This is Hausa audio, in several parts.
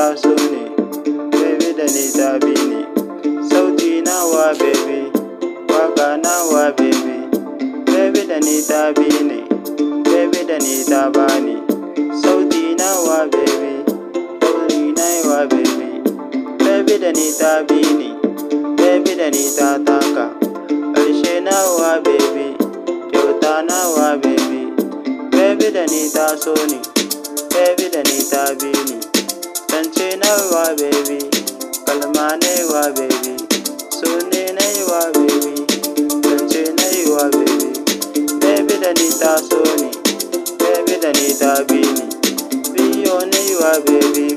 taso ne baby da ni zabi ne sauti nawa baby waka nawa baby baby da ni zabi ne baby da ni zaba ne sauti nawa baby kauri nawa baby baby da ni zabi ne baby da ni ta taka ƙarshe nawa baby kyauta nawa baby baby da ni taso ne baby da ni ta biyu हुआ baby कल माने हुआ बेबी सोने नहीं हुआ baby कंचे नहीं हुआ बेबी बेबी दनीता सोनी बेबी दनीता बीनी बियो नहीं हुआ बेबी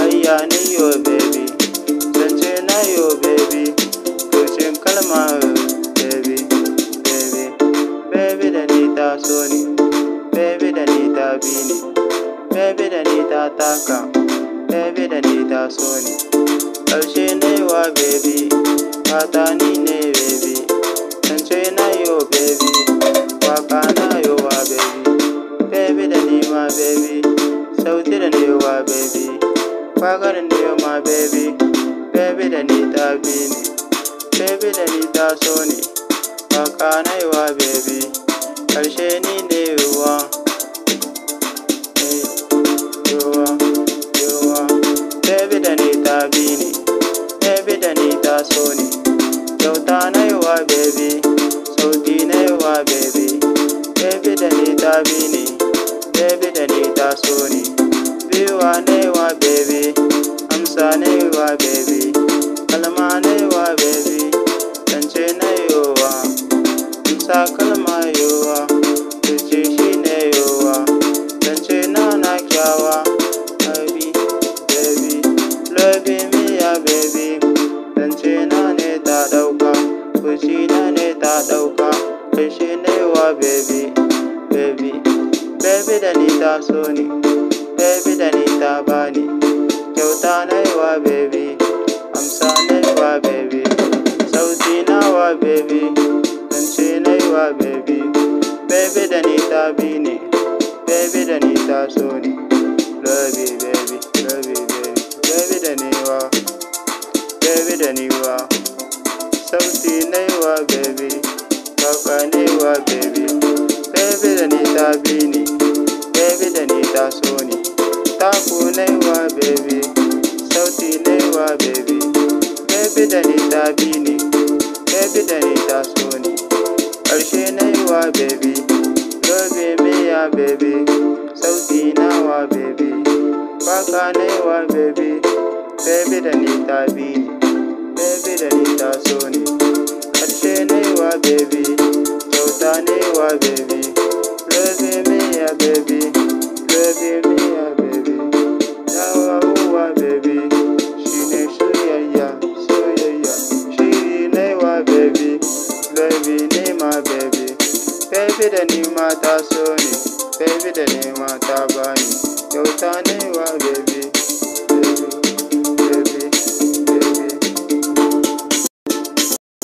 हैया नहीं हो बेबी कंचे नहीं हो बेबी कुछ कल मा बेबी बेबी बेबी दनीता सोनी बेबी दनीता बीनी बेबी दनीता ताका baby da ni ta so ne ƙarshe na wa baby fata ni ne baby zance na yo baby waka na yo wa baby baby da ni ma baby sauti da ni wa baby fagar ni ma baby baby da ni ta bi ne baby da ni ta so ne waka na yi wa baby ƙarshe ni ne baby da ni ta so ne kyauta na yi wa baby sauti na yi wa baby baby da ni ta bi ne baby da ni ta so ne biwa na yi wa baby amsa na yi wa baby shi ne wa baby baby baby da ni ta so ni baby da ni ta bani kyauta na yi wa baby amsa na yi wa baby sauti na wa baby zance na yi wa baby baby da ni ta bi ni baby da ni ta so ni love you baby love you baby baby da ni wa baby da ni wa sauti na yi wa baby ganewa baby baby da ni ta bi ni baby da ni ta so ni taku naiwa baby sauti naiwa baby baby da ni ta bi ni baby da ni ta so ni ƙarshe naiwa baby love me ya baby sauti nawa baby baka naiwa baby baby da ni ta bi ni baby da ni ta so ni Baby da nima ta so ne, baby da nima ta bani, kyauta ne wa baby.